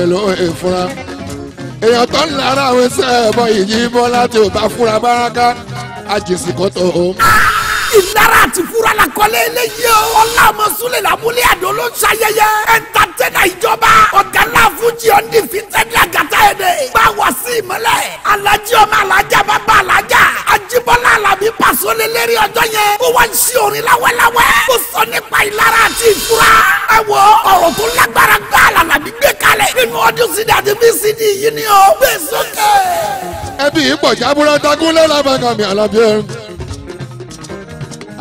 èlò ìfura èèyàn tó ń lára àwọn iṣẹ́ ẹ̀bọ ìyí bọ́ láti òbá fúra báraká àjèsí kò tó o. ìlara àti fúra la kọ́lé eléyìí o. ọlá ọmọ súnlẹ̀ làmúlẹ̀ àdó ló ń ṣayẹyẹ. ẹ̀ta tẹ́lá ìjọba ọ̀gá ńlá fújì ọ̀ndì fi tẹ́lá gàtá yẹn dẹ̀. bá wà sí ìmọ̀lẹ̀. alájí ọmọ alájà bàbá alájà ajibọ́lá alábí pàṣọ lélẹ́rì ọjọ́ yẹn. kó wá ń ṣe orin láwẹ́láwẹ́. kó sọ nípa ìlara àti ìtura. ẹ wọ ọ̀rọ̀ tó lágbára gbá alábí gbé kalẹ̀. nínú ọdún sí dàdí bí cd yìí ni ó gbé sókè. ẹbí ìpọ̀jà búrọ́ dagúnlẹ̀ lábàgàmì alábí ẹ̀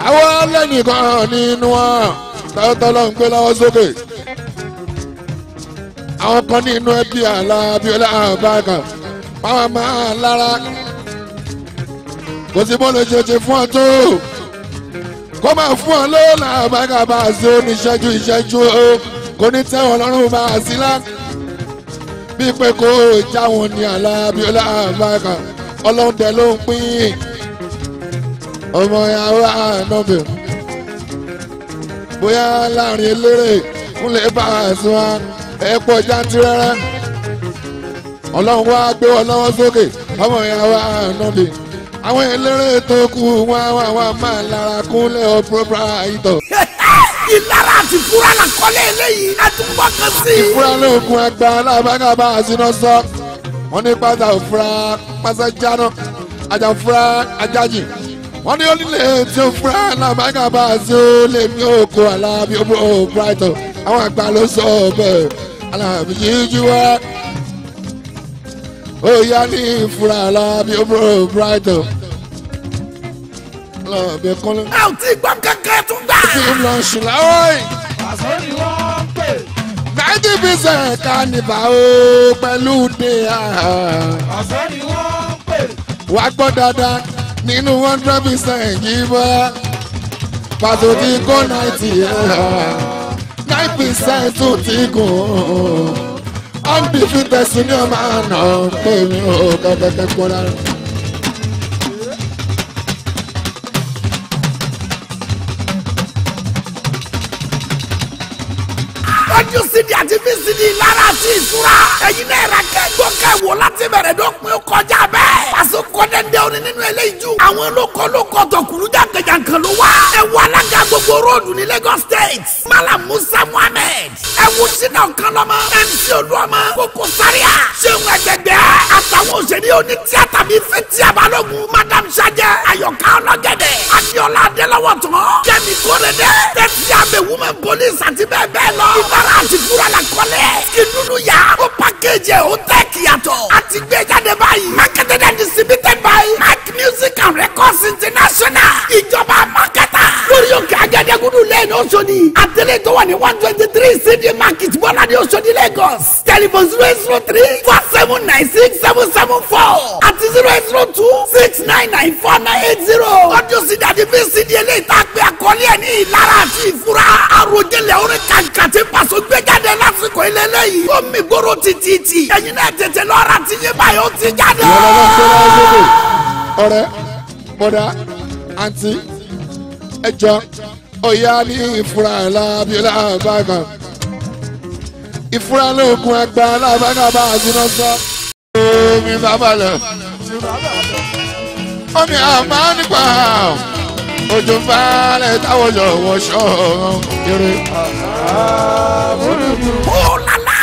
àwọn alẹ́ nìkan nínú wọn tọ́lọ́ ń lọ́wọ́ sókè àwọn kan nínú ẹbí alábíọ́lá àbákan máa máa lára kò sí bó lè ṣe ṣe fún ọ tó kó máa fún ọ lọ́wọ́ làbákan bá a ṣe oníṣẹ́jú ìṣẹ́jú o kò ní tẹ́wọ̀n lọ́rùn bá a sí lá bí pé kó o jáwọn ní alábíọ́lá àbákan ọlọ́dẹ ló ń pín ọmọ ìyàwó ànábì bóyá láàrin eléré ń lè bá a sùn á ẹ pọ̀ jantirẹrẹ ọlọ́run wá gbé wọn lọ́wọ́ sókè ọmọ ìyá wa ànábì àwọn eléré tó kù wá wá wá máa lára kúnlẹ̀ ọ proprietor. ìlara àti ìfura la kọ́lé eléyìí àtúbọ̀ kan sí. ìfura lóògùn àgbà alábàgàbà àsìnà sọ wọn ní pátá òfura pásá jáná ajáfura ajájì wọ́n ní onílé tí ó fura làbágàbà sí ó lè mí òkú àlàbí àwọn àgbà ló sọ bẹ́ẹ̀ alábìyíjúwá ó yá ní ìfura alábì ọmọ brighton alábì kọ́lẹ́. a ò tí ì gbọ́ kankan tún gbà. kí n lọ sùn láwọ́ọ̀yì. àṣọ ni wọ́n pè. ninety percent kánìfà ó pẹ̀lú dé a. àṣọ ni wọ́n pè. wà á gbọ́ dáadáa nínú one hundred percent yìí bá pàtó tí kò náà ti yẹ nine percent tún ti gùn undefeated senior man náà pé mi ò kẹ́kẹ́kẹ́ kó lára. ọ́dún sídi àti di ìlara sí ìtura. ẹ̀yin náà ra kẹ́gbọ́ kẹ́wò láti bẹ̀rẹ̀ dọ́pin kọjá bẹ́ẹ̀. pàṣẹ kọ́dẹ́ndé orin nínú eléyìí ju. àwọn lóko lóko tọkùlù jàǹkànjàǹkàn ló wá. ẹ wo alága gbogbo róòdù ní Lagos State. Mala Musa Muhammed. ẹ wo sinna ọ̀kan lọ́mọ. MC olúọmọ. kókó sáríà. sẹ́wọ̀n ẹgbẹ̀gbẹ̀. àtàwọn òṣèré oní tíátà bíi fẹ́tí àbálògùn. madam sajẹ. ayọ̀ká ọlọ́gẹ̀dẹ̀. adiola adélọ́wọ̀ tán. kẹ́mi kórè dẹ́. tẹ̀sí àbẹ̀wò mẹ́ polisi àti bẹ́ẹ̀ bẹ́ẹ̀ lọ. ìbá láti fúra la kọ́lẹ̀. kí dúdú yá. ó pàkéjì ẹ̀ ó tẹ́ kíyàtọ̀. a ti gbé jáde báyìí. marketed and distributed by Mac Music and Records International. ìjọba marketer. lórí òkè Ajẹ́dẹ́gúdú lẹ́yìn Òṣòdì. àtẹlẹ́ tó wà ní one twenty three cd market bọ́lá ní Òṣòdì Lagos. telephone zero eight zero three four seven nine six seven seven four àti zero eight zero two six nine nine four nine eight zero. ọdún sí dàdí bí cd eléyìí tá a pè àkọlé ẹ̀ ní ìlara àti ìfura. àròjẹlẹ̀ orin kankan ti pàṣẹ tún gbé jáde lásìkò ilé lẹ́yìn ó mi gbóró títí ẹ̀yin náà tètè lọ́ra tí yín báyìí ó ti jáde. ọ̀rẹ́ bọ́dà àǹtí ẹ̀jọ̀ ọ̀yá ní ìfura lábíọ́lá bàgàn ìfura lóògùn àgbà lábàgàn bá àdúrà sọ. omi sábàlẹ̀ omi àmà nípa ojú falẹ̀ táwọn yọ̀ wọṣọ kiri. kólálá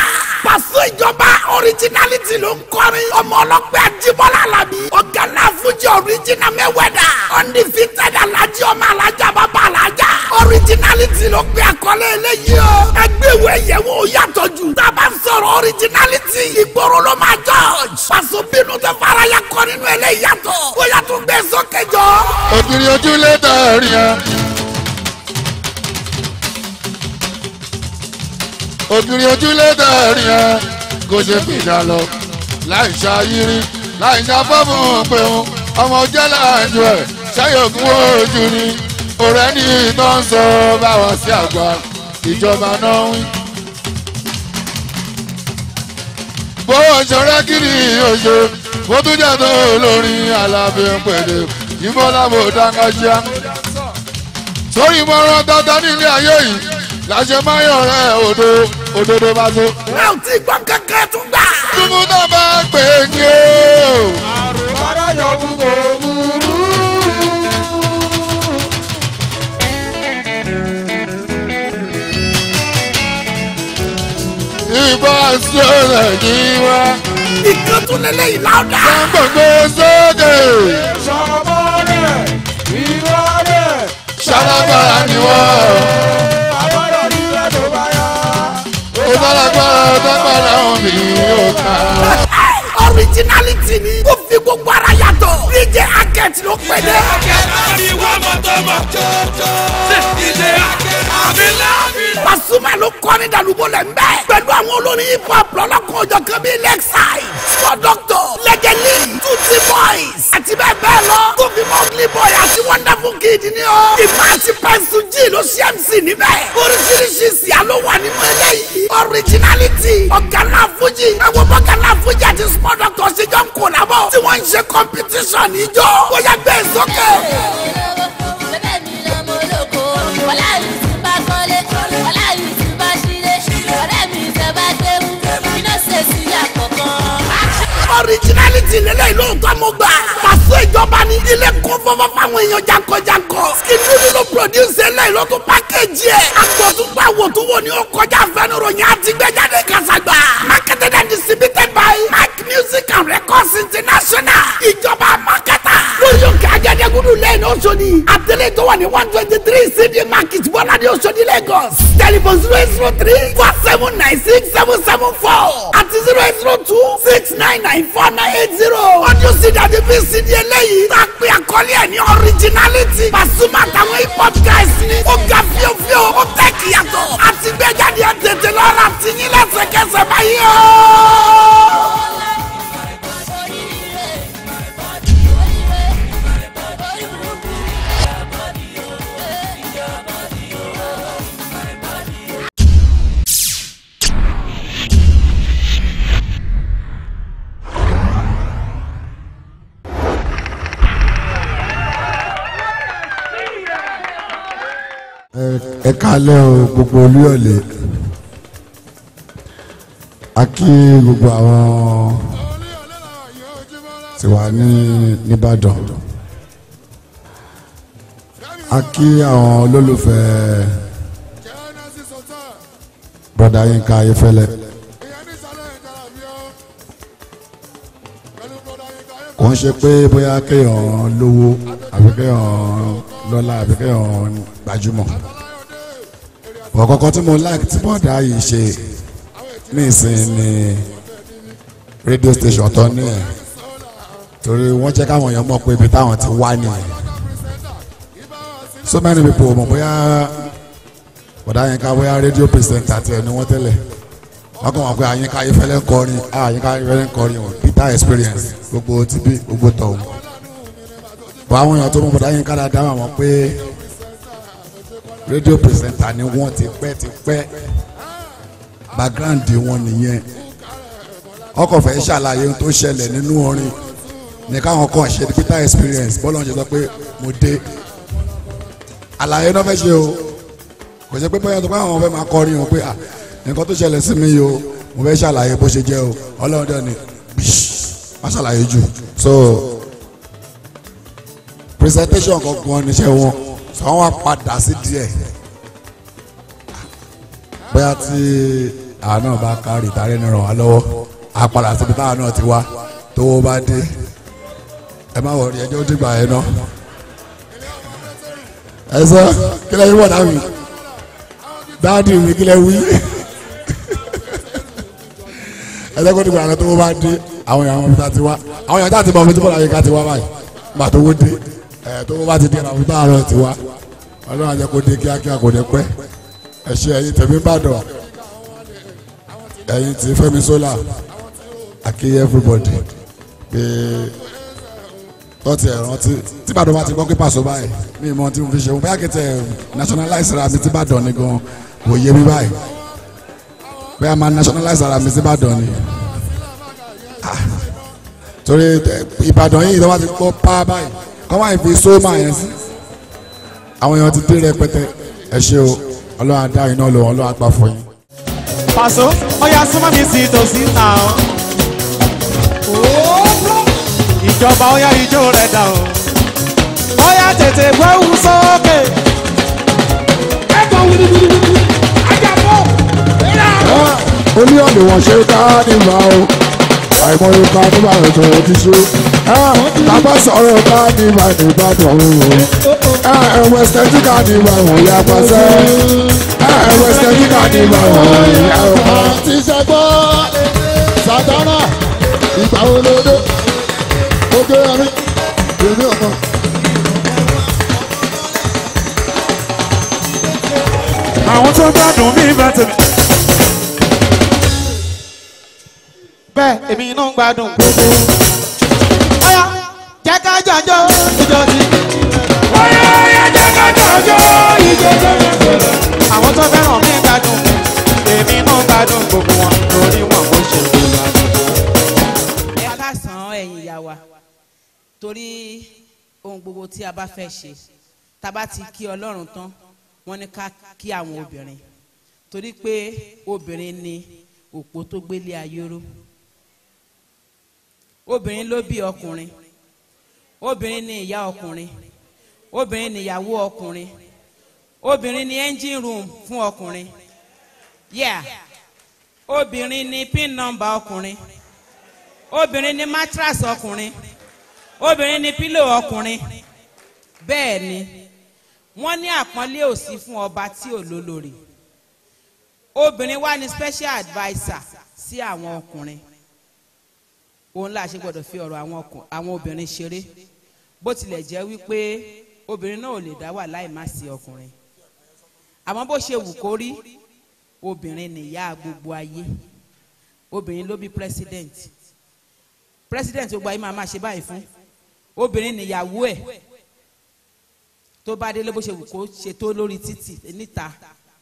pàṣẹ ìjọba ọ̀ríjínálítì ló ń kọrin ọmọ ọlọ́pẹ́ àjíbọ́lá làbí ọ̀gá náà fújì ọ̀ríjínà mẹ́wẹ́dà undefeated alájí ọmọ alájà bàbá alájà originality ló pe àkọlé eléyìí o. ẹgbẹ́ ìwé yẹ̀wò yàtọ̀ jù. tá a bá sọ̀rọ̀ originality ìgboro ló máa judge. pàṣẹ bínú tó faraya kọ nínú eléyìí yàtọ̀. ó yàtọ̀ gbé sókè jọ. ògiri ojúlé dàrí ya. ògiri ojúlé dàrí ya. kò ṣe fìdá lọ láì ṣayírí láì ṣàfọ́mù pé ọmọ jẹ́ láàjọ ẹ̀ ṣáyọ̀gùn ojú ni ọ̀rẹ́ ní tó ń sọ báwọn sí àgbà ìjọba náà wí. bó ṣọ̀rẹ́ kiri oṣù bó tún jẹ́ tó olórin alábẹ́ pẹ̀lẹ́ ìbọ́lábò dáńgájíá. sórí mọ́rán tata nílé ayé yìí láṣẹ máa ń yọ̀rẹ́ òdo òdodo bá tó. ẹ ò tí gbọ́ kankan tún gbà. túbú náà máa ń pè é ní o. àrùn bára yọ̀ ìbá sọ̀rọ̀ ní wá. ìkan tún lélẹ̀ yìí láwùdá. sọ́gbọ̀gbọ̀ sókè. sọ́mọ́lẹ̀ ìwọ́lẹ̀. sálábàrà ni wọ́n. ní ẹ̀dùn báyà. ó dálágbára dábàrà omi yóò ká. originality ni kò fi gbogbo ara yẹ. DJ Akẹ́t ló pè dé. àríwá mọ̀tọ́mọ̀. DJ Akẹ́t àbílá àbílá. Pasuma ló kọ́ ní dàlúbọ̀lẹ̀ mbẹ́. pẹ̀lú àwọn olórin hip hop lọ́lọ́kan ọjọ́ kan bíi Lexi, Scott Doctor, Legally, Tutsi Boys àti bẹ́ẹ̀ bẹ́ẹ̀ lọ. tó fi mọ́gìlì boy àti wonderful kid ni o. ìmọ̀ àti pẹ̀sù jì ló ṣe MC níbẹ̀. oríṣiríṣi ìsìyà ló wà nínú eléyìí. originality ọ̀gá náà fújì. ẹ̀wọ̀n bọ́gá náà fújì àti small doctor ṣe bọ̀ tí wọ́n ń ṣe competition níjọ́ ó yá gbé e sókè. originality lélẹ́yìn lóòótọ́ mo gbà. pàṣẹ ìjọba ní ilé kún fọ́fọ́ fáwọn èèyàn jankọjankọ. skinny ló produce lẹ́yìn ló tún package ẹ̀. àpótúpàwò tó wò ní ó kọjá fẹ́nuro yẹn àti gbẹ́jáde kásá gbà. African Records International. ìjọba mákàtà. lórí òkè ajẹ́dẹ́gúdú lẹ́yìn Òṣòdì. àtẹlẹ tó wà ní one twenty three CD market bọ́lá ní Òṣòdì Lagos. telephone zero eight zero three four seven nine six seven seven four àti zero eight zero two six nine nine four nine eight zero. ọdún sí dàbí fi CD eléyìí. tá a pè àkọlé ẹ̀ ní originality. Pasuma àtàwọn hip hop guys ni. ó ga fíofío ó tẹ̀ kíyàtọ̀. àti gbẹ́jáde ẹ̀ tètè lọ́ra tiyín lẹ́sẹ̀kẹsẹ̀ báyìí o. ẹ kálẹ́ o gbogbo olúyọ̀lé a kí gbogbo àwọn tí wà ní nìbàdàn a kí àwọn olólùfẹ́ broda Yínká Ayéfẹ́lẹ́ kò ń ṣe pé bóyá kéèyàn lówó àbí kéèyàn lọ́lá àbí gbajúmọ̀ ọ̀kọ̀ọ̀kan tí mo like tí bọ́ọ̀dà yìí ṣe nísìn ni radio station tó ní ẹ̀ torí wọ́n jẹ́ káwọn èèyàn mọ̀ pé ibi táwọn ti wá nìyẹn so many people mọ̀ bóyá bọ̀dá yẹn ká bóyá rédíò pèsèntà tiẹ̀ ni wọ́n tẹ́lẹ̀ wọ́n kàn wọ́n pé àyínká ayéfẹ́lẹ́ ń kọrin àyínká ayéfẹ́lẹ́ ń kọrin o peter experience gbogbo tv gbogbo tọ̀hún. bọ̀ àwọn èèyàn tó mọ̀ bọ̀dá yẹn ká dáadáa mọ̀ pé rédíò pírẹsẹ̀ntà ni wọ́n ti pẹ́ ti pẹ́ background wọn nìyẹn ọkọ̀ fẹ́ ṣàlàyé ohun tó ṣẹlẹ̀ nínú orin ní káwọn kan ṣe the bitter experience bọ́lá ń ṣe sọ pé mo dé àlàyé náà fẹ́ ṣe o kò ṣe pé bóyá tó pé àwọn fẹ́ máa kọrin o pé à ah, nǹkan tó ṣẹlẹ̀ sí mi yìí o mo fẹ́ ṣàlàyé bó ṣe jẹ́ o ọlọ́run dẹ̀ ni bíṣì má ṣàlàyé jù so presentation kankan níṣẹ́ wọn sọ wọn padà sí díẹ̀ bóyá tí àánú bá kárí ìtàrí ní ràn wá lọ́wọ́ àpàlà síbi táwọn náà ti wá tó bá dé ẹ má wọrí ẹjọ́ dìgbà yẹn náà ẹ sọ kílẹ̀ yín wọ̀ náà wí dáàdì mi kílẹ̀ wí ẹ sọ kó dìgbà yẹn tó bá dé àwọn èèyàn wọn bí ta ti wá àwọn èèyàn tá a ti bọ̀ fún tí bọ́lá yẹn ká ti wá báyìí màtó wó dé ẹ tó bá ti di àràbù bá àárọ̀ tiwa ọlọ́run àjẹ kò dé kíákíá kò ní pẹ́ ẹ ṣe ẹ̀yin tẹ̀mí bàdàn ẹ̀yin ti Fẹ́mi Sola akéyẹ everybody pé tọ́tì ẹ̀rọ tí tí bàdàn bá ti gbọ́ pé pàṣọ báyìí mi ìmọ̀ tí mo fi ṣe mo bá kẹ́tẹ̀ nationalize ra mi tí bàdàn ni gan kò yé mi báyìí bẹ́ẹ̀ máa nationalize ara mi sí Ìbàdàn ni ah, torí eh, Ìbàdàn yìí lọ́wọ́ ti gbọ́ pa báyìí kọ́ máa fi sóòmà yẹn sí àwọn èèyàn ti dé rẹpẹtẹ ẹ ṣe o ọlọ́run adá iná lọ ọlọ́run àgbà fún yín. pàṣọ ọyà súnmọ́ mi sí tòsí ta o ìjọba ọyà ijó rẹ̀ dà o ọyà tètè gbẹ́wù sókè. ẹ̀kọ́ wíwíwíwí ajá bọ̀ ẹ̀rọ. olú ọ̀dùnwọ̀n ṣe ká ní ìgbà o àìmọye ká tó bá rẹ̀ sọ̀rọ̀ ti ṣe bàbá sọ̀rọ̀ ká ní ìbá ní ìbá tọ̀run o ẹ̀wọ̀ ẹ̀sìtẹ́tì ká ní ìbá wọ̀n ya pàṣẹ ẹ̀wọ̀ ẹ̀sìtẹ́tì ká ní ìbá wọ̀n ya pàṣẹ. ti ṣe gbọ́ sàtánà ìgbà wo ló dé oge ẹni èmi ọ̀pọ̀. àwọn tó gbádùn mí bá tẹ̀lé. bẹ́ẹ̀ èmi inú ń gbádùn. ọ̀yá jẹ́ ká jàjọ́ ìjọ ti. ọ̀yá ọ̀yá jẹ́ ká jàjọ́ ìjọ ti. àwọn tó fẹ́ràn mi gbádùn èmi inú ń gbádùn gbogbo wọn lórí wọn kò ṣe ìgbà gbogbo. ẹ káàsán ẹ̀yin ìyá wa torí ohun gbogbo tí a bá fẹ́ ṣe tá a bá ti kí ọlọ́run tán wọ́n ní ká kí àwọn obìnrin torí pé obìnrin ni òpó tó gbélé ayé ró obìnrin ló bí ọkùnrin obìnrin ni ìyá ọkùnrin obìnrin ni ìyàwó ọkùnrin obìnrin ni engine room fún ọkùnrin yeah obìnrin ni pin number ọkùnrin obìnrin ni mattress ọkùnrin obìnrin ni pillow ọkùnrin bẹ́ẹ̀ ni wọ́n ní àpọ́nlé òsì fún ọba tí ò lólórí obìnrin wá ní special adviser sí àwọn ọkùnrin òun láà ṣe gbọ́dọ̀ fi ọ̀rọ̀ àwọn ọkùn àwọn obìnrin ṣeré bó tilẹ̀ jẹ́ wípé obìnrin náà ò lè dá wà láì má sí ọkùnrin àmọ́ bó ṣe wù kó rí obìnrin nìyá gbogbo ayé obìnrin ló bí president president gbogbo ayé máa máa ṣe báyìí fún obìnrin nìyàwó ẹ̀ tó bá délé bó ṣe wù kó ṣe tó lórí títì níta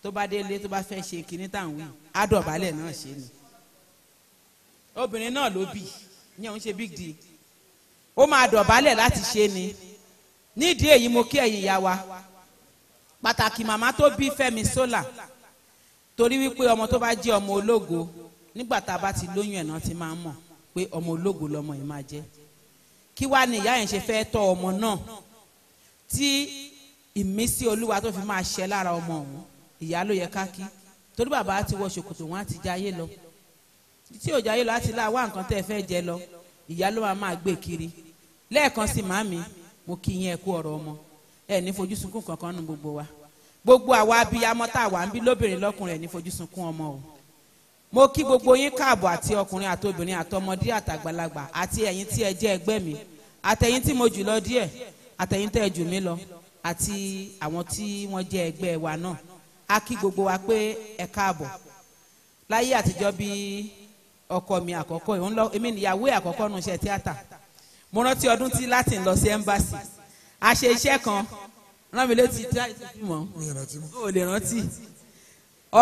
tó bá délé tó bá fẹ́ ṣe kinní tàwọn adọ̀bálẹ̀ náà ṣe ni obìnrin náà ló bí i ìyẹn òun ṣe big deal ó máa dọ̀bálẹ̀ láti ṣe ni nídìí èyí mo kí ẹ̀yin ìyá wa pàtàkì màmá tó bí Fẹ́mi Sola torí wípé ọmọ tó bá jẹ́ ọmọ ológo nígbà tá a bá ti lóyún ẹ̀ náà ti máa ń mọ̀ pé ọmọ ológo lọmọ yìí máa jẹ́ kí wàá ní ìyá yẹn ṣe fẹ́ tọ́ ọmọ náà tí ìmísí olúwa tó fi máa ṣẹ lára ọmọ ọ̀hún ìyá ló yẹ ká kí torí bàbá ti wọ ṣòkòtò wọn á ti jayé lọ tí òjò ayé lọ láti lá wá nǹkan tẹ́ ẹ fẹ́ jẹ lọ ìyá ló máa máa gbé kiri lẹ́ẹ̀kan sí màmí mo kí yín ẹ kú ọ̀rọ̀ ọmọ ẹ ní fojú sunkún kankan nu gbogbo wa gbogbo àwa abiyamọ tá a wà ń bí lóbìnrin lọ́kùnrin ẹ ní fojú sunkún ọmọ o mo kí gbogbo yín káàbọ̀ àti ọkùnrin àtobìnrin àtọmọdé àtàgbàlagbà àti ẹ̀yin tí ẹ jẹ́ ẹgbẹ́ mi àtẹ̀yin tí mo jù lọ díẹ̀ àtẹ̀yin tẹ́ ẹ jù mí lọ àti àwọn tí wọ́n jẹ́ ẹgbẹ́ wa náà a kí gbogbo wa pé ẹ káàbọ̀ láyé àtijọ́ bíi ọkọ mi àkọ́kọ́ òun lọ èmi níyàwó àkọ́kọ́ nu iṣẹ́ tíátà mo rántí ọdún tí Latin lọ sí embassy a ṣe iṣẹ́ kan rán mi létí mọ́ o lè rántí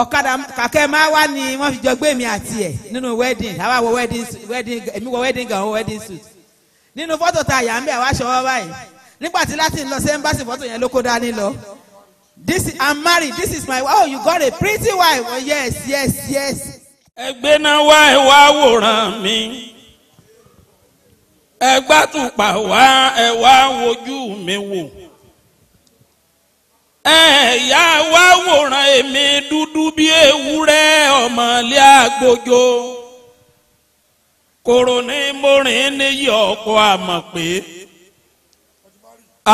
ọ̀kadà kàkẹ́ máa wá ni wọ́n fi jọ gbé mi àti ẹ̀ nínú wedding àwa wọ wedding wedding èmi wọ wedding gown wọ wedding suit nínú fọ́tò tá a yà ń bẹ̀ wá ṣọwọ́ báyìí nígbà tí Latin lọ sí embassy fọ́tò yẹn ló kó dání lọ this I'm married this is my wife oh you got a pretty wife oh yes yes yes. ẹgbẹ́ náà wá wòrán wòran mi ẹgbàtùpà wá ẹ wá wojú mi wò ẹ̀yà wá wòran èmi dúdú bí ewúrẹ́ kòrò ní kòròní ní níyì ọkọ àmọ̀ pé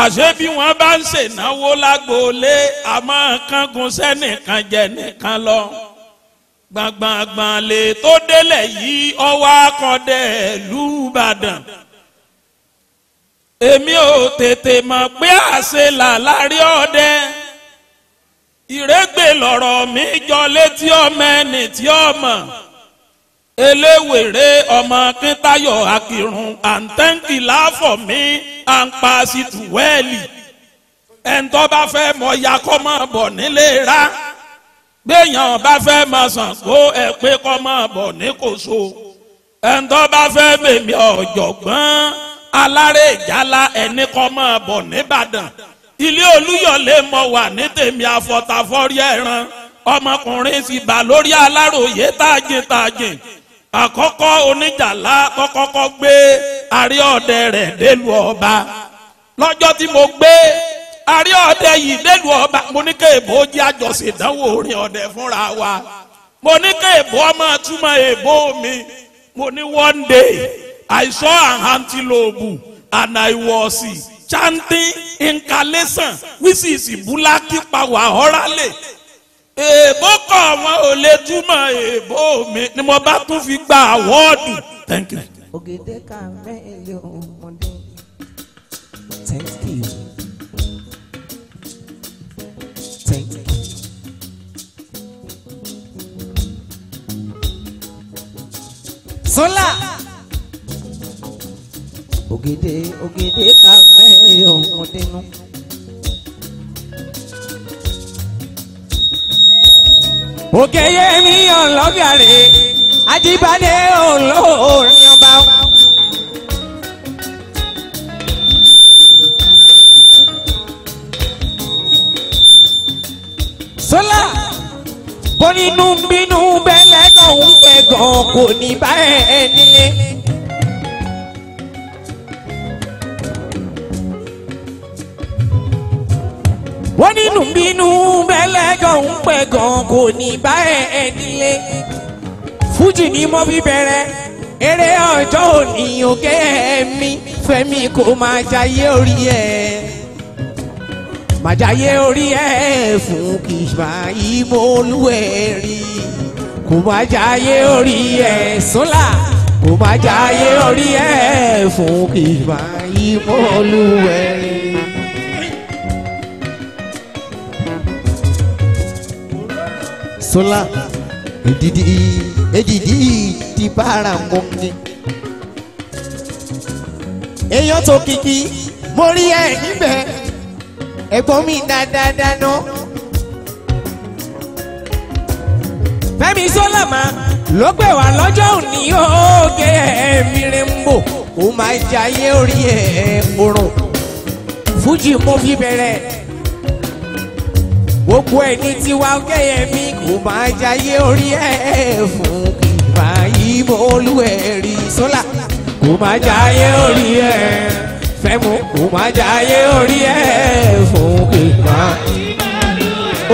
àṣé bí wọ́n bá ń ṣènáwó lágboolé àmọ́ kángun sẹ́nìkan jẹ nìkan lọ. gbàngbàngbàn lè tó délẹ̀ yìí ọwọ́ akọ̀dẹ̀ lùbàdàn èmi ò tètè mọ̀ pé àṣẹ là lárí ọdẹ ìrẹ́gbẹ̀ lọ̀rọ̀ mi jọ létí ọmọ ẹni tí ọmọ eléwèrè ọmọ kíntáyọ̀ akírun àǹtẹ́ǹkì láàfọ̀ mi à ń pa situwẹ́ẹ̀lì ẹ̀ńtọ́ bá fẹ́ mọ̀ ya kọ́ mọ̀ bọ̀ nílé rá béèyàn bá fẹ́ máa sàn kó ẹ pé kọ́ máa bọ̀ ní kòso ẹ̀ńtọ́ bá fẹ́ bèmí ọ̀jọ̀gbọ́n alárè ìjálá ẹni kọ́ máa bọ̀ nìbàdàn ilé olúyọ̀lé mọ wà ní tèmi àfọ̀tàfọ́rí ẹran ọmọkùnrin sì bà lórí aláròyé tààjìn tààjìn àkọ́kọ́ oníjàlá kọ́kọ́kọ́ gbé àríọ̀dẹ rẹ̀ délùú ọba lọ́jọ́ tí mo gbé àrí ọdẹ yìí délùú ọba mo ní ká èbó jẹ́ àjọṣe ìdánwò orin ọdẹ fúnra wa mo ní ká èbó ọmọ túmọ̀ èbó mi mo ní one day I saw an antelope and I was chanting incantation which is bulaki power orally èbó kọ̀ wọn ò lè túmọ̀ èbó mi ni mo bá tún fi gba àwọ́ọ̀dù. Thank you. ògèdè kà mẹ́lẹ̀ òun. sólà. ògèdè ògèdè ká mẹ́rin ọ̀hún dínú. ògèyè mi ọlọ́gàrè ajíbádé olóòrìn ọba. sólà bọ́ nínú bínú gan kò ní bá ẹ nílé. wọ́n nínú bínú bẹ́lẹ́jọ́ ń pẹ́ gan kò ní bá ẹ nílé. fújì ni mo fi bẹ̀rẹ̀ eré ọjọ́ òní òkè ẹ̀mí fẹ́mi kò máa jayé orí ẹ̀ màjáyé orí ẹ̀ fún kìsà ìmọ̀lúwẹ̀rí kò má jáyé orí ẹ̀ sólà kò má jáyé orí ẹ̀ fún ìgbà ìmọ̀lúwẹ̀ẹ́. sola edidi edidi ti bara ngongi èèyàn tó kìkì mo rí ẹ níbẹ̀ ẹ̀gbọ́n mi dáadáa dáná ní sọ́làmà ló pè wá lọ́jọ́ òní òkè ẹ̀mí rẹ̀ ń bò ó máa jayé orí ẹ̀ òrùn fújì mo fi bẹ̀rẹ̀ gbogbo ẹni tí wá òkè ẹ̀mí kò máa jayé orí ẹ̀ fún kìbá ìbò olúwẹ̀rí sọ́là kò máa jayé orí ẹ̀ fẹ́mu kò máa jayé orí ẹ̀ fún kìbá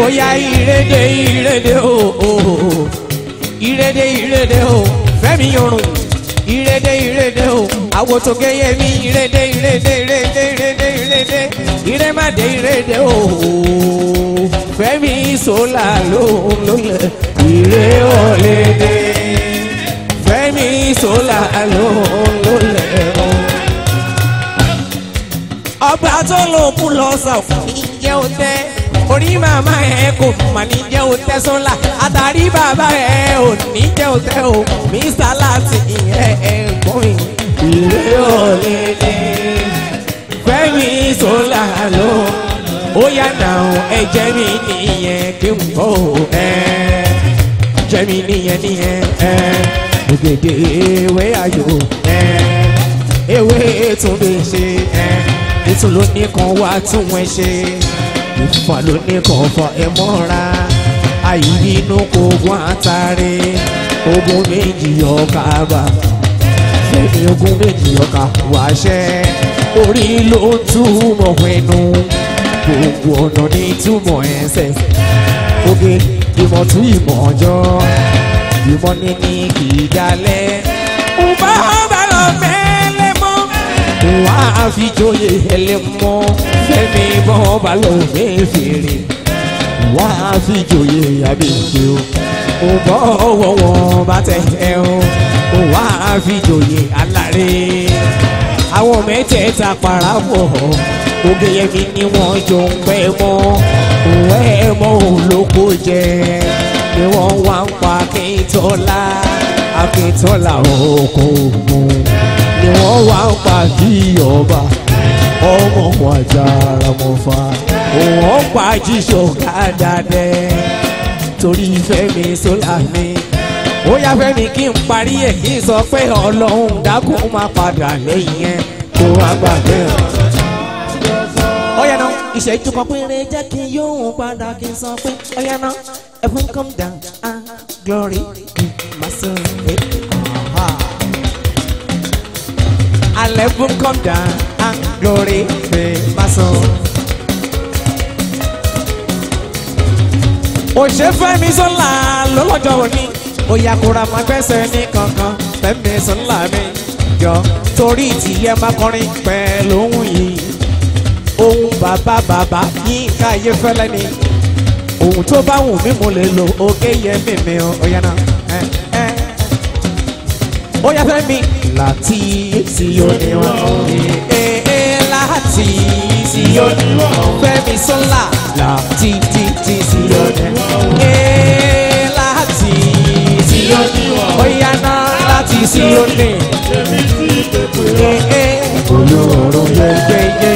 ó yá ìrèdè ìrèdè o ìrèdè ìrèdè o fẹ́mi yorùn ìrèdè ìrèdè o àwòtòkè yẹmi ìrèdè ìrèdè ìrèdè ìrèdè ìrèdè ìrèmàdé ìrèdè o fẹ́mi sólà ló ń lólẹ̀ ìrè ọ̀lẹ́dẹ̀ fẹ́mi sólà ló ń lólẹ̀ o. ọba tó lòun mú lọ sàn fún ìjẹun tẹ́ torí màmá ẹ kò mà ní jẹ́ o tẹ́ sọ́la àtàrí bàbá ẹ ò ní jẹ́ o tẹ́ o Mr. Láti ìyẹn ẹ̀gbọ́n ìlé òlélẹ̀ fẹ́mi sọ́la ló ó yá náà ẹ jẹ́ mi nìyẹn kí n bọ̀ ẹ jẹ́ mi nìyẹn nìyẹn ẹ ògèdè ewé ayò ẹ ewé ètò lè ṣe ẹ ètò lónìí kan wá tún wọn ṣe ìfà lóní kọ̀ọ̀fọ̀ ẹ mọ́ra àìbínú kò gún àtàrí ogun méjì ọkà bá fẹ̀mí ogun méjì ọkà wáṣẹ́ orí ló ń túmọ̀ pinnu gbogbo ọ̀nà ní túmọ̀ ẹsẹ̀ oge ìmọ̀ tún ìmọ̀ ọjọ́ ìmọ̀ ní ní kì í fi joyè ẹlẹ́mọ́ fẹ́mi bọ́ balọ̀ mi fèrè wá fi joyè àbíkí o ò bọ́ wọ̀wọ̀ bá tẹ̀ ẹ́ o ò wá fi joyè aláre àwọn mẹ́tẹ̀ẹ̀ta parapọ̀ oge yẹmi ni wọ́n jọ ń pẹ́ mọ́ òwe mọ́ olóko jẹ ni wọ́n wá ń pa Akíntọ́lá Akíntọ́lá ọkọ̀ ògùn wọ́n wá ń pa kí ọba ọmọ wọn àjàrà mọ̀ fa wọ́n pa jíṣọ́ kádàdẹ́ torí ìfẹ́ mi sólà mi ó yá fẹ́ mi kí n parí ẹ̀ kí n sọ pé ọlọ́run dákun máa padà lẹ́yìn ẹ̀ kó wá gbàgbé ọ̀rọ̀ ìṣẹ́jú kan péré jẹ́ kí yóò padà kí n sọ pé ọ̀yá náà heaven come down and ah, glory be my soul. and let boom come down and glory be my soul. òṣè fẹ́mi sọ́la ló lọ́jọ́ òní òyà kóra máa gbẹ́sẹ̀ ní kankan fẹ́mi sọ́la mi jọ torí ìtìyẹ́ máa kọrin pẹ̀lú ohun yìí ohun bàbá bàbá yín káyé fẹ́lẹ́ ni ohun tó bá wù mí mo lè lo òkè yẹ mímí ọ̀yánná bóyá fẹ́ mi. láti Síónì wá. ee láti Síónì wá. Fẹ́mi Ṣọlá. láti ti ti Síónì wá. ee láti Síónì wá. bóyá náà láti Síónì. èmi ti pèpè rẹ. olóró yẹ yẹ yẹ.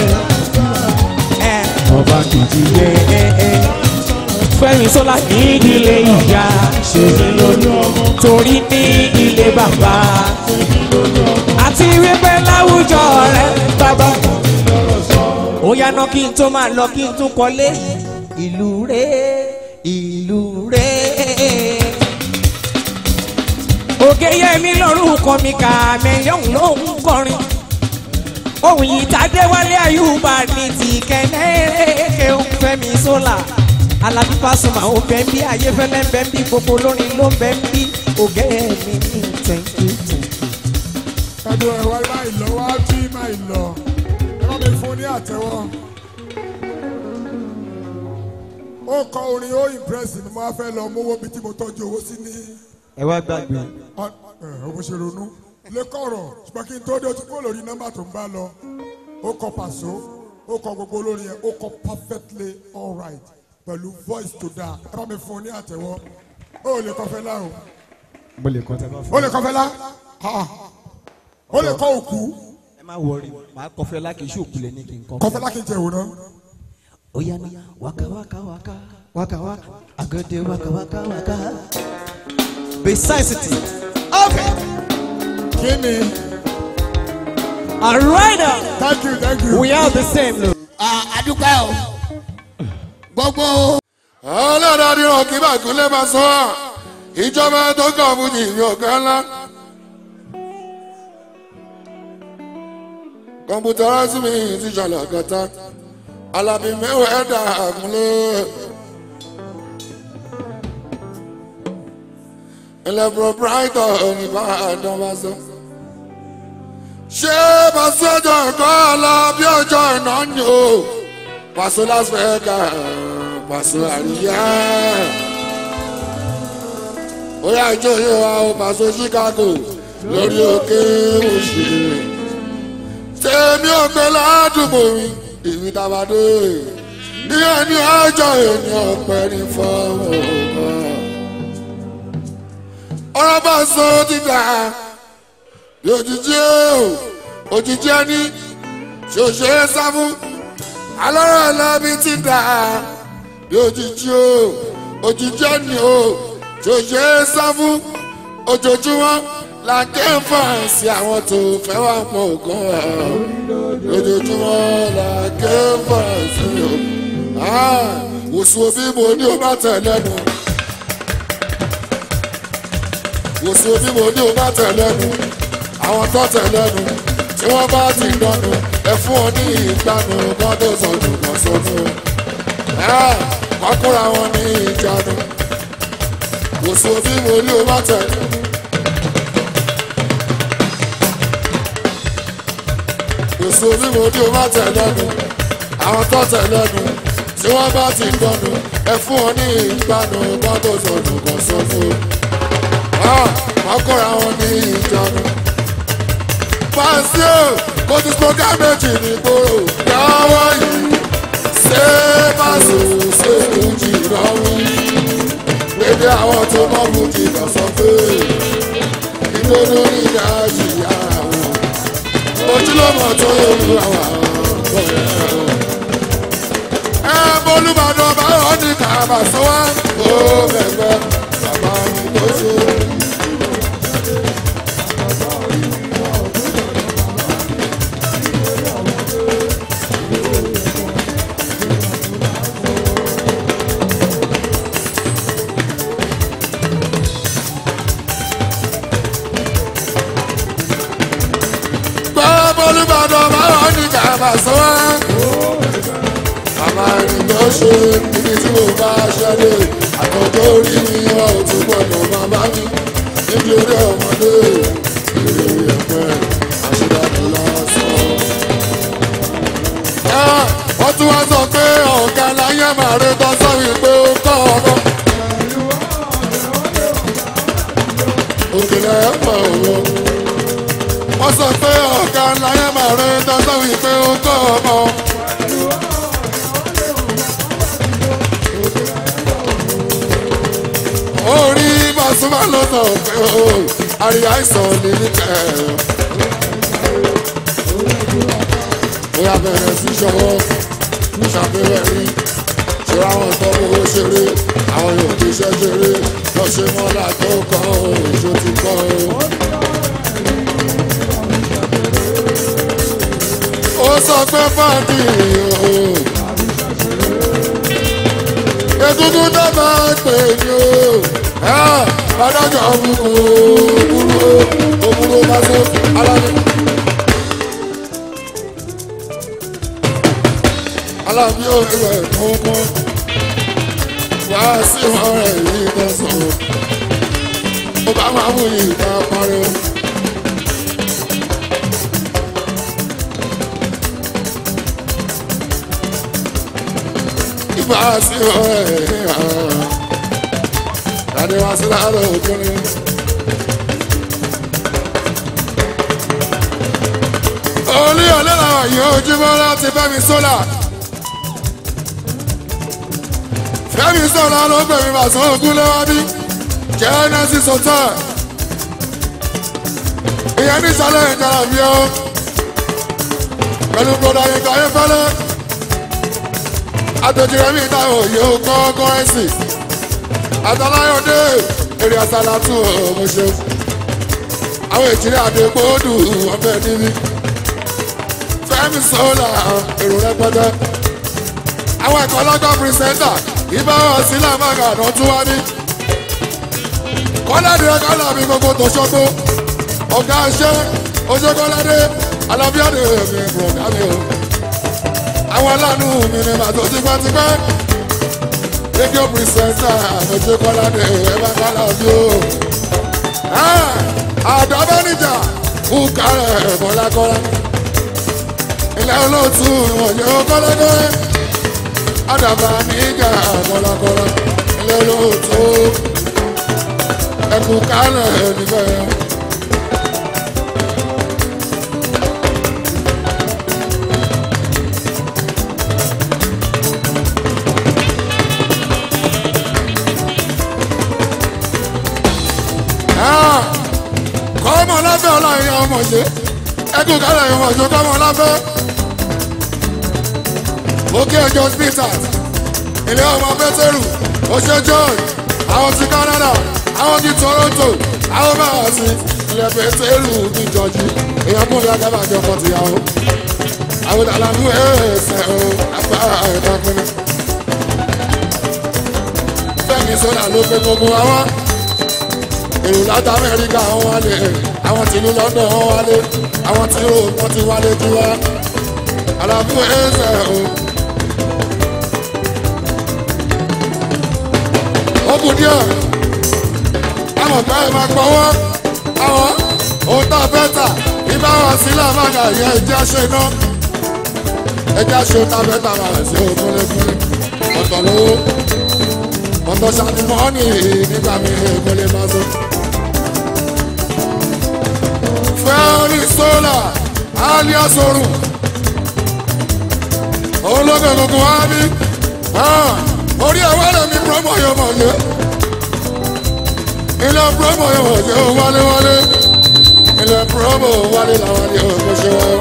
ọba kìí ti yẹ fẹ́yìn sọ́lá ní ìdílé ìyá torí ní ilé bàbá àti wípé láwùjọ rẹ bàbá ó yáná kí n tó máa lọ kí n tún kọ́lé ìlú rẹ ìlú rẹ. òkè yẹmi lọ́rùn kan mi kà mẹ́yọ̀n ló ń kọrin ohun ìtàdéwálé ayúbà ní ti kẹ́nẹ́rẹ́kẹ́ ń fẹ́mi sọ́lá. Alábí Pasuma ó bẹ́ ń bí ayéfẹ́lẹ́ ń bẹ́ ń bí gbogbo olórin ló ń bẹ́ ń bí ògẹ́ mi ní tẹ̀kí tẹ̀kí. ẹ̀dùn ẹ̀wọ̀ ìmá ìlọ wá bí ìmá ìlọ ẹ̀rọ mi fún ní àtẹ́wọ́. ó kọ orin ó ìmpírẹ́sì ni mo á fẹ́ lọ mówó bíi tí mo tọ́jú owó sí ní. ẹ wá gbàgbé. ọmọ ṣe ronú lẹ́kọ̀ọ̀rọ̀ ṣùgbọ́n kí n tó dé ojú kó lórí nọ́mbà tó ń bá lọ ó kọ pàṣọ ó kọ gbogbo olórin yẹn ó kọ perfectly all pẹ̀lú voice tó dáa ẹ bá mi fún un ní àtẹ̀wọ́ ó lè kọfẹ́ lá o. mo lè kọ́ tẹ́ fún ó lè kọfẹ́ lá ó lè kọ́ òkú. ẹ má wọrí màá kọfẹ́ lá kì í ṣòkú lẹ́ni kì í kọ́. kọfẹ́ lá kì í jẹ òun náà. ó yá ni waka waka waka waka waka agade waka waka waka beside it okay. kí ni. all now. thank you thank you. we are the same. Ah, a dúpẹ́ gbogbo. ọlọ́dọ̀ ni ọ̀kí bàgúnlé máa sọ wá ìjọba tó kàn fún yìnyín ọ̀gá ńlá. kọ̀mpútà sí mi ti ṣàlẹ̀ àgàtà alábí mẹ́wàá ẹ̀dá àgúnlé. ilẹ̀ proprietor òyìnbá àdán bá sọ. ṣé bàṣẹ́jọ́ ẹ̀kọ́ alábí ọjọ́ ìnáyìn o. Pàṣẹ lásìkò kan Pàṣẹ àríyá. Ó yà jó yín wa o Pàṣẹ Chicago lórí òkè òṣèré. Tèmi ò gbé ládùúgbò mi, èmi tàbádé. Ní ẹni ọjọ́ ẹni ọ̀pẹ ní fọ́ọ̀mù ọ̀gbọ́n. Ọ̀rọ̀ bá sọ ti dà bí òjijì ó òjijì ẹni ṣòṣèré alọ́rọ̀ lọ́bi ti dà bí òjijì o òjijì ọ̀nì o jòjé sáfù ojoojúmọ́ la kẹ́ fàǹsì àwọn tó fẹ́ wà pọ̀ ògùn wa ojoojúmọ́ la kẹ́ fàǹsì o ah, wòsùn òbí mo ní o bá tẹ̀ lẹ́nu wòsùn òbí mo ní o bá tẹ̀ lẹ́nu àwọn tó tẹ̀ lẹ́nu tí wọ́n bá ti dánú ẹ fún ọ ní ìgbànú kan tó sọnù kan sọnù kọkúra wọn ní ìjánu kò sí ojú wo ló má tẹ̀lé. kò sí ojú wo ló má tẹ̀lé nu àwọn tó tẹ̀lé nu tí wọ́n bá ti dọ̀nù ẹ fún ọ ní ìgbànú kan tó sọnù kan sọnù wọn ní ìjánu. Pàṣẹ mo ti smoke méjì ní gbòòrò lọ́wọ́ yìí ṣé báṣu ṣé lùjì lọ́wọ́ lédè àwọn tó mọ̀ lùjì lọ sọ pé ìdóná ní ìyáàjì àwọn ojúlọ́mọ tó yẹ wúra wà bọ̀rẹ̀ ẹ bolúbàdàn bá rọ̀ ní kàbàṣọ́wá ó bẹ̀gbẹ́ bàbá mi tó ṣe. ṣe níbi tí mo bá ṣẹlẹ̀ àtọ̀jọ́ orí mi wọn ò tún gbọ́dọ̀ máa bá mi níbi orí ọmọdé ìrè ẹ̀pẹ́ àṣìdàbò lásán. wọ́n tún wá sọ pé ọ̀gá láyé màrè tó sọ wípé ó kọ́ ọmọ. òkèlè ẹ̀pọ̀ òun. wọ́n sọ pé ọ̀gá láyé màrè tó sọ wípé ó kọ́ ọmọ. bá lọ sọ pé o àríyá ìsàn ní níkẹ́. bóyá bẹ̀rẹ̀ sí ṣọwọ́ ní ṣàpẹẹrẹ rí ṣé àwọn tó owó ṣeré àwọn yóò fi iṣẹ́ ṣeré lọ ṣe mọ́lá tó kọ́ òṣò ti kọ́ o. ó sọ pé fáàdì o egungun dábàá pè ní o adájọ́ òwúrò òwúrò lásán alámi. alámi ò ní ẹ̀ tó mọ́ wá sí ọ̀rẹ́ yìí lọ́sàn. mo bá máa mú ìta parí. ìbá ọ̀rẹ́ yìí hàn adéwàsí láàárọ̀ òkèrè. orí ọlẹ́ra ọ̀yìn ojúmọ́ láti fẹ́mi sólà fẹ́mi sólà ló gbẹ̀mí bàtà ogún lọ́wọ́ bí genesis hotel ìyẹn nísàlẹ̀ ìjọba mi ó pẹ̀lú gbọdọ̀ ayéka ayéfẹ́lẹ́ àtòjìrẹ́mí ìta òye ó kọ́ kọ́rẹ́sì. àtàláyọ̀dé èrè àsálàtú ọmọ ṣe àwọn ìjìnlẹ̀ àdégbòdù ọmọ ẹni ní fẹ́mi sọ́là èrò rẹpẹtẹ àwọn ẹ̀kọ́ lọ́jọ́ pírísẹ́ńtà ìbáwọ̀ sílẹ̀ mága àná mi gbogbo tó ṣọ́gbó ọ̀gá ṣe oṣù kọ́ládé alábíàdé mi bùrọ̀dá mi o àwọn aláàánú mi ni màtó Make you I call radio presenter ẹ̀jẹ̀ kọ́ládé ẹ̀ bá bá lọ́bí o. Ah, àdó I búkàrẹ̀ bọ́lákọ́lá ilé olóòtú ìwọ̀nyẹ́ kọ́lákọ́lá àdàbà nígà bọ́lákọ́lá ilé olóòtú ẹ̀kú kálẹ̀ nígbà yẹn. kálárin ọmọdé ẹkùn kálárin ọmọdé kọ́mọ lábẹ́. òkè ẹjọ́ peters ilé ọmọ pétérù ọṣẹ john àwọn ti canada àwọn ti toronto àwọn máa ti ilẹ̀ pétérù ti jọjú èèyàn kúnlẹ̀ agábàjọ kan tìyàwó. àwọn ìdàlámú ẹ̀ẹ́sẹ̀ o agbára ìdápẹ́ni. fẹ́mi sọ́dà ló fẹ́ gbogbo wa wá èrò láti amẹ́ríkà àwọn wálé ẹ̀rìn àwọn tìlú London wọn wálé àwọn tí ó wọn ti wálé kí wá àlàfo ẹsẹ o. ó kù díẹ̀ àwọn ọ̀gá ẹ̀ máa pọ̀wọ́ àwọn ohun tá a fẹ́ tà ibà wà sílẹ̀ máa dà yẹ ẹja ṣe náà ẹja ṣe tá a fẹ́ tà rà sí òkú lẹ́kùn ọ̀tọ̀ lówó ọ̀tọ̀ ṣàtìmọ́ọ́nì nígbà mi èèkó lè máa sọ. alias orun olóògbé gbogbo wa ní orí ẹwà rẹ mi promo yóò mọ̀ yẹ ilé promo yóò mọ̀ yẹ wálé wálé ilé promo wálé làwọn ni òkú ṣe wọ́n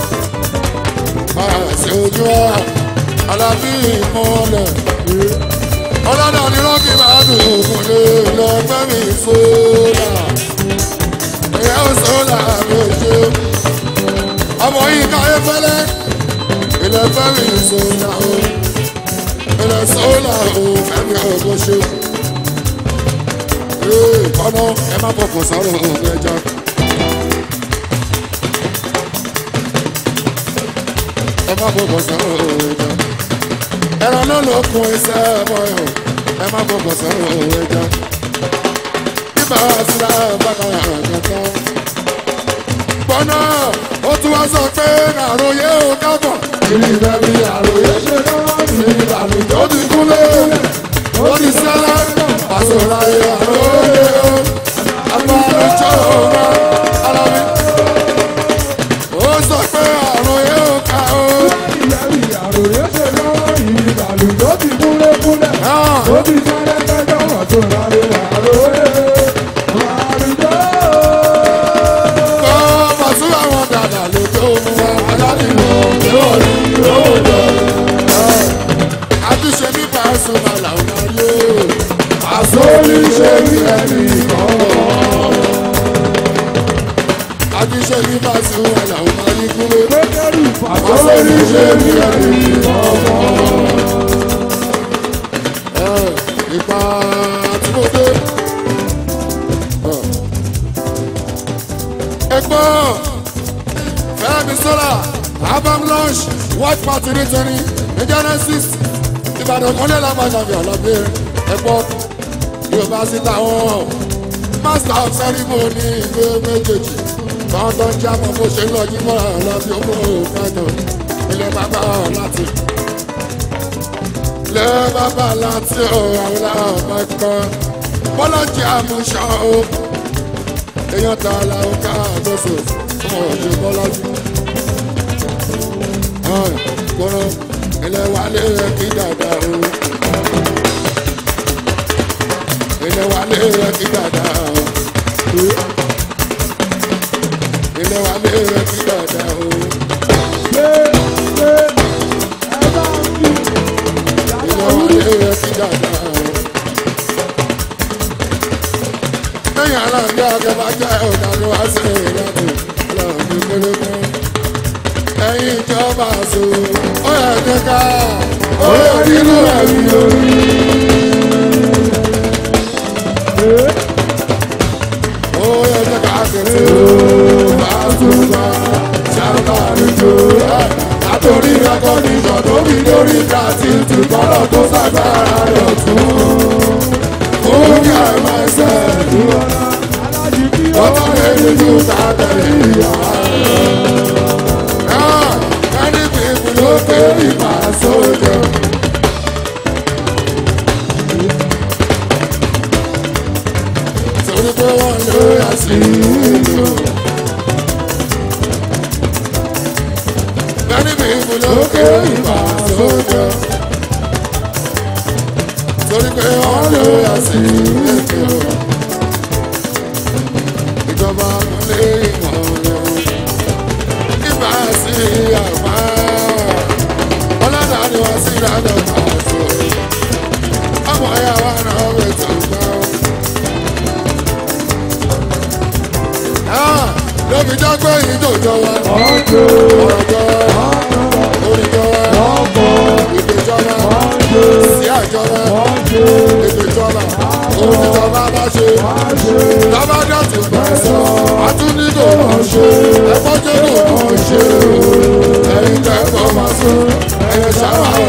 pàṣẹ ojú wa aláfíì mọ́lẹ̀ ọlọ́dà ni rọ́ọ̀kì máa dùn òkú lé lọ́gbẹ́mí sólà ẹ̀yà sólà mi ò ṣe ọmọ yìí káyé fẹ́lẹ́ ilẹ̀ fẹ́mi ìṣòlá o ilẹ̀ sọ́ọ́là o fẹ́mi ògbó ṣe ọmọ ẹ má fọkàn sọ́rọ̀ òun ẹja. ẹ má fọkàn sọ́rọ̀ òun ẹja. ẹran náà ló kun iṣẹ́ ẹ̀mọ́ ẹ̀hún ẹ má fọkàn sọ́rọ̀ òun ẹja. bíbá àti láàbàkà àgbàtàn bọ̀ náà ó tún wá sọ pé àròyé ò kábọ̀. ìrì rẹ̀ mi àròyé ṣe náà ní ìbànújẹ́ ó ti kúnlẹ̀ ó ti sẹ́lẹ̀ àṣọra ẹ̀ àròyé ó àbájọ́ ọ̀gá ara ó sọ pé àròyé ò ká o. ìrì rẹ̀ mi àròyé ṣe náà ní ìbànújẹ́ ó ti kúnlẹ̀ kúnlẹ̀ ah. ó ti sẹ́lẹ̀ àṣọra ẹ̀. Sunday Alábí ẹ̀gbọ́n Yorùbá síta wọn. Master of ceremony ìwé méjèèjì. Báwọn tó ń jábọ̀ bó ṣe ń lọ yí mọ́ra Alábí ọmọ òkàtàn. Ilé bàbá láti. Ilé bàbá láti ọ̀rọ̀ àwọn ọmọ ẹ̀kọ́. Bọ́lájì àmúṣọ o. Èèyàn ta la ká àgbọ̀sọ̀ fún ọ̀jẹ̀ Bọ́lájì. Kọ́rọ̀ ilé wa lé rẹ̀ kí dàda o. Adéwálé ẹbí dada o. Adéwálé ẹbí dada o. Adéwálé ẹbí dada o. Lẹ́yìn ara ìyá ọ̀gẹ́bá jẹ́ ọ̀dàdó wá sí ìlànà ọ̀làdé kólógún. Ẹ̀yin ìjọba àṣọ, ó yẹ kí ká, ó yẹ kí ló rẹ̀ mí lórí ó yẹ jẹ́ ká kiri fàtúbà ṣàbàrùjọ látòrí rẹ́kọ́dìjọ tó bí lórí gratitude kọ́lọ̀ tó ṣàgbára rẹ̀ tún. ó yẹ mẹsẹ̀ lọ́tọ̀ lẹ́yìn tó ṣàtẹ̀lé ìyá rẹ̀. ẹni pípín ló pé ìmọ̀ àsọjọ. Many I'm look at So they can all see òun tọ́ba bá ṣe tọ́ba dọ̀tí pẹ̀sọ́ àtúndínlò ẹ̀fọ́ jẹ́lò ẹ̀yìn tẹ̀kọ́ máa sọ ẹ̀yẹ sábà wò.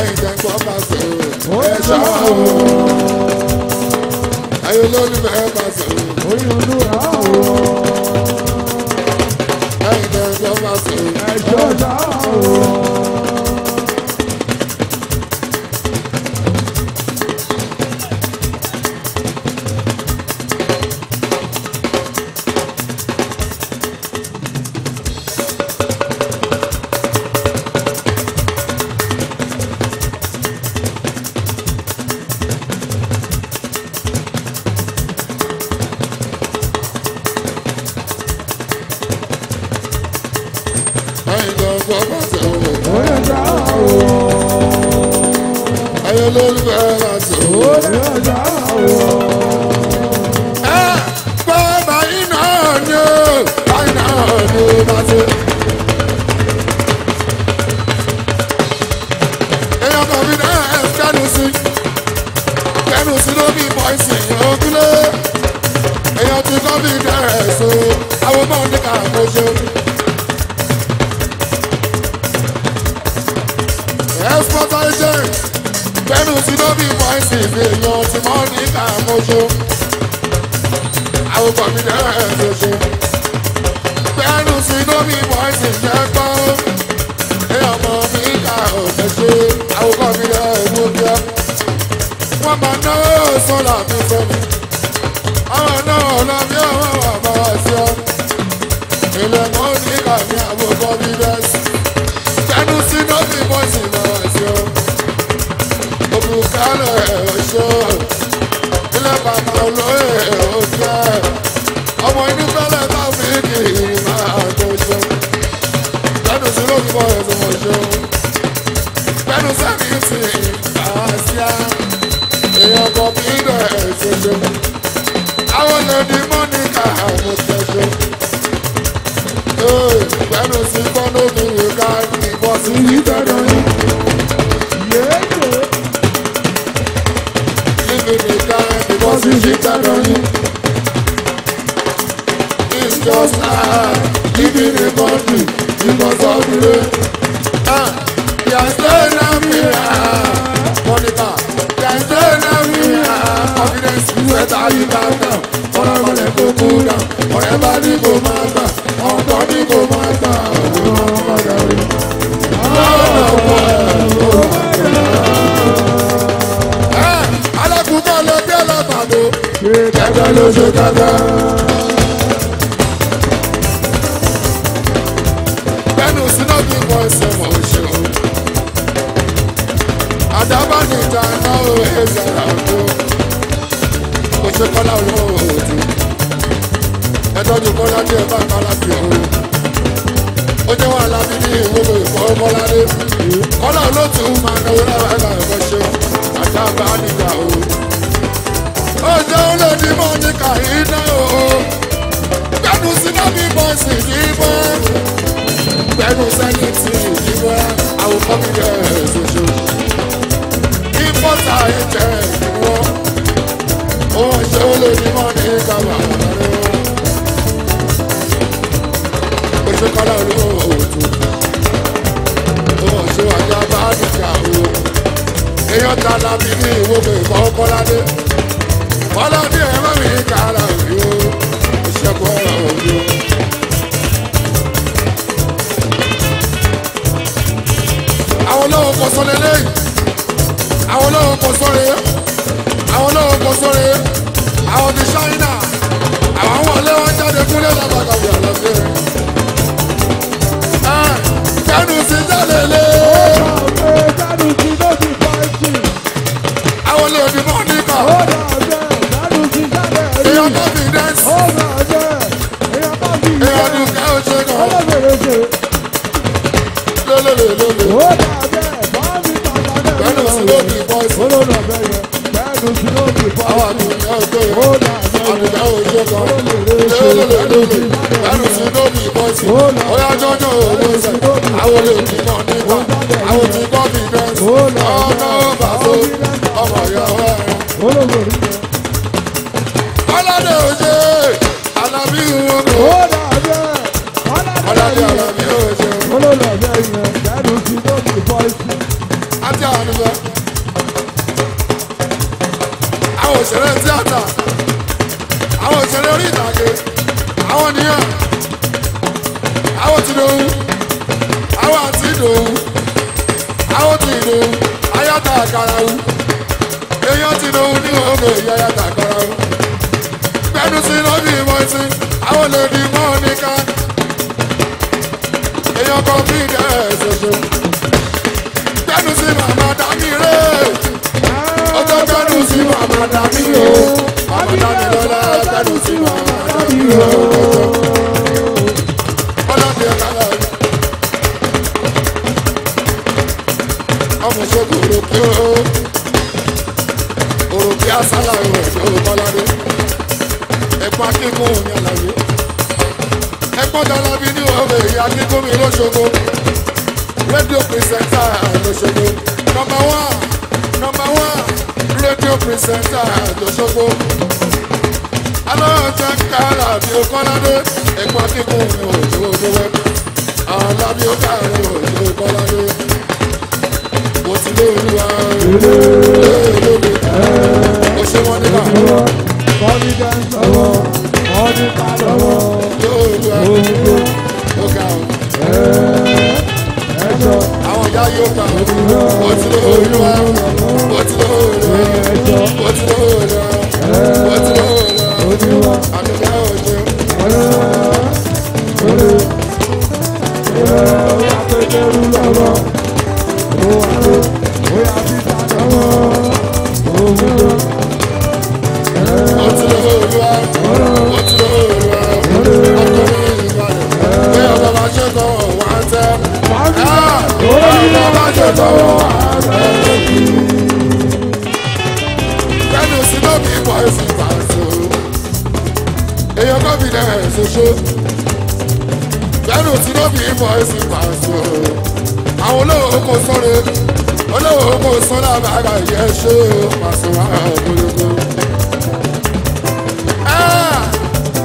ẹ̀yìn tẹ̀kọ́ máa sọ ẹ̀yẹ sábà wò. ẹ̀yìn olólùfẹ́ máa sọ ẹ̀yìn olúwa wò. export agent bẹ́ẹ̀ni tí ló bí voices èèyàn tí mo ní ká mojú àwọn confidence oṣù bẹ́ẹ̀ni tí ló bí voices jẹ́ gbọ́ èèyàn mọ̀ mí ká òfẹ́ ṣe àwọn confidence oṣù wọ́n máa náwó sọ́là mi sọ́ni àwọn náà ọ̀nà bí àwọn àbá àti ọ ilẹ̀ mọ́ ní kàmí àbúkọ́ bí bẹ́ẹ̀. When tẹ̀sán. see ìfẹ́ nu sí fọ́nọ́bìnrin ká ìbọ̀sí yìí tẹ̀dọ̀ yẹn. know. kọ́ládé ẹ̀pọ́n kíkún òjò òdòwẹ́ alábí ó káàrin òjò kọ́ládé mo ti lé olúwa lóòlóòlè ó ṣe wọ́n nígbà. confidence lọ́wọ́ mọ́nífà lọ́wọ́ lóòlóòlè ó ga ọ́. àwọn ìyá yóò ga ọ́ mo ti lé olúwa mo ti lé olúwa mo ti lé olúwa mo ti lé olúwa. tọrọ ààrẹ yìí. Kẹ́nu sí ló bí wọ́n ẹ̀sìn pàṣẹ. Èèyàn gómìnà ẹ̀sìn ṣó. Kẹ́nu sí ló bí wọ́n ẹ̀sìn pàṣẹ. Àwọn olówó kò sọ́re. Olówó kò sọ́ra bàbá ìyẹn ṣó pàṣẹ wà lóko.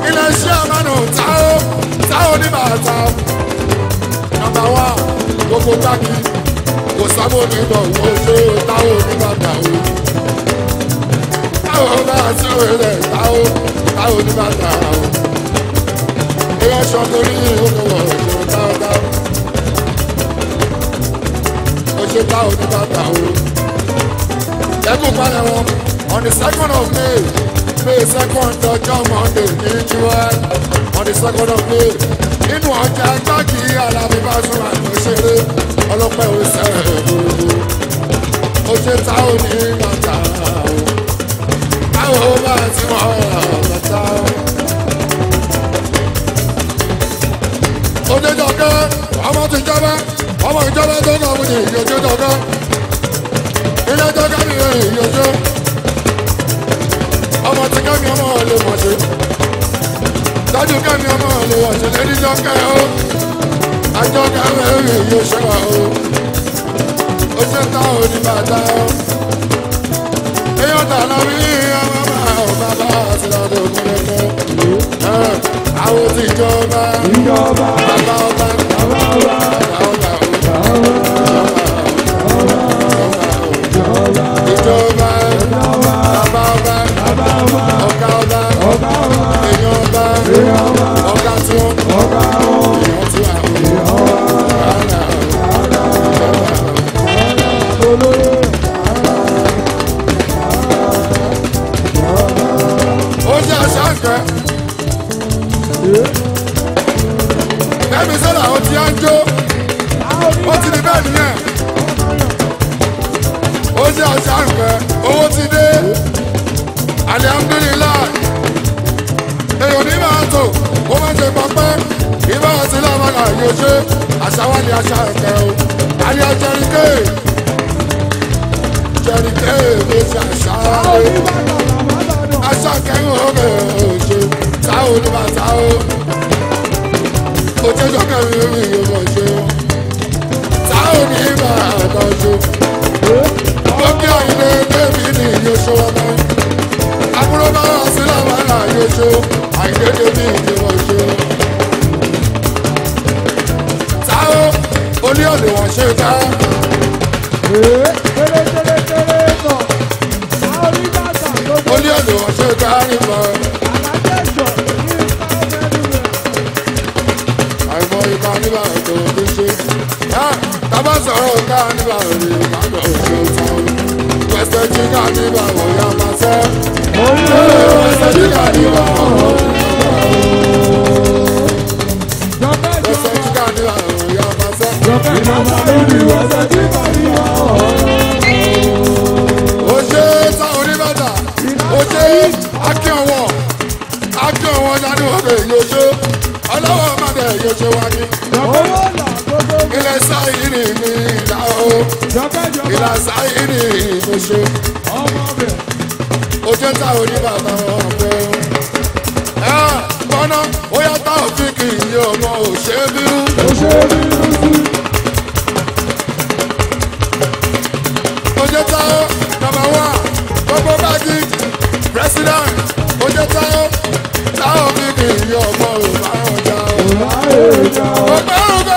Ilé iṣẹ́ àmàlù táwọn táwọn oníbàtà. Nàbà wà gbogbo báàkì sábò nìtọ̀ wọ́n ṣe táwọn oníbàdà o. táwọn náà sí rẹ̀ táwọn táwọn oníbàdà o. ilé ṣọ́ torí olówó òṣèlú táwọn táwọn. ó táwọn oníbàdà o. ẹkún palẹ̀ wọn on the second of May May second ọjọ́ Monday ní July on the second of May nínú ọjà ẹjọ́ kí alábí bá sún àtúnṣe rẹ̀ ọlọ́pẹ́ ò sẹ́rẹ̀ gbogbo ó ṣe ta ó ní bàtà táwọn ó bá ti wọ́n bàtà. onídọ̀kẹ́ ọmọ ti jọba ọmọ ìjọba tó náà mú ní ìyójú dọ̀kẹ́ ilé dọ́kẹ́ mi rẹ̀ ìyójú ọmọ ti kẹ́mi ọmọ ọ̀lẹ́ mọ̀ ṣe dájú kẹ́mi ọmọ ọ̀lẹ́ ọ̀ṣẹ̀ lẹ́ni dọ́kẹ́ ó ajọ́ká mẹ́rin yóò ṣọ́ra o ó ṣe ta òní bàtà o èèyàn tàná rí ọmọ bá ọba bá àṣìlá tó kúrẹ́ mọ́ àwọn ti jọba bàbá ọba bàbá ọba bàbá ọba ìjọba bàbá ọba ọ̀gá ọba èèyàn ọba. kẹ́mi sọ́dọ̀ àwọn tí a ń jó ó ti di bẹ́ẹ̀ nìyẹn ó jẹ́ ọjà àrùpẹ́ owó ti dé alihamdulilayi èèyàn ní máa tò ó máa ṣe pọpẹ́ ìbá àti lábàlá yóò ṣe àṣà wa ni àṣà ẹ̀kẹ́ o àríyá jẹrìkẹ́ jẹrìkẹ́ èmi ti àṣà rẹ̀ àṣà kẹ́hìn ọ̀gẹ̀ o ní bàtà o òjòjò kẹrin mi yóò mọ̀ ṣe o tá o ní ìmọ̀ àdájọ́ lókè àyìnlẹ̀ ni yóò ṣe wọn mọ́ àbúrò bá wà sí làwàlà yóò ni yóò ṣe o. o oní òde wọ́n kadiba oya mase oyo ẹsẹ ti kadiba ẹsẹ ti kadiba oya mase ìmọ̀ sábẹ́ ni ẹsẹ ti kadiba. ìlà sáyẹ́nì mo ṣe. ó jẹ́ ta oníbàbà ọ̀pẹ. ẹ gbọ́ná ó yá tá òfin kì í yé ọmọ òṣèlú. ó jẹ́ ta ó wá gbogbo báàgì president ó jẹ́ ta ó tá òfin kì í yé ọmọ òbá ọjà. ọgbẹ́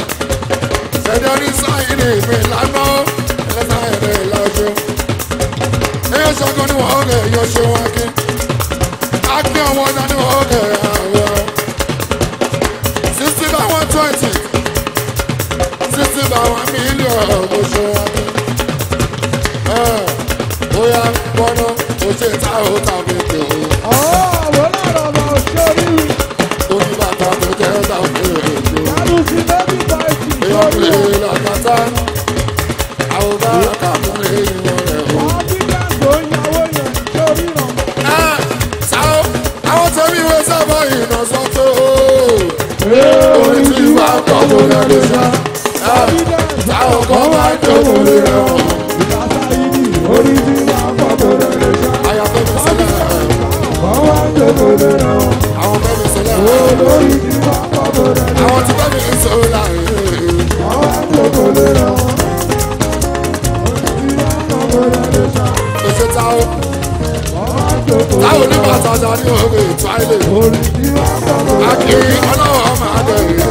dorí sáyidé ìfẹ́ lánà ẹlẹ́sà ẹ̀rẹ́ ìlọ́jọ́. ẹyẹ sọ́kọ́ ni wọ́n kẹ́ yọ ṣe wọn kí. akí ọmọ náà ni wọ́n sixty by one twenty sixty by one million mo ṣe wọn kí. bóyá gbọ́nà mo ṣe ta ó tàbí. lóde sá. Táwọn kan wá jókòó lé wọn. Orí ti máa pọ̀ tó lóde sá. Àyàtọ̀ mi sílẹ̀. Kan wá jókòó lé wọn. Àwọn bẹ́ẹ̀ mi sílẹ̀. Olórí ti máa pọ̀ tó lóde sá. Àwọn ti bẹ́ẹ̀ mi ń sọ láàyè. Kan wá jókòó lé wọn. Orí ti máa pọ̀ tó lóde sá. Èsè táwọn. Táwọn onígbà tàjà ní òwe ìtúwáìlè. Orí ti máa pọ̀ tó lóde sá. Àkìrí ọlọ́wọ́ máa dẹ̀.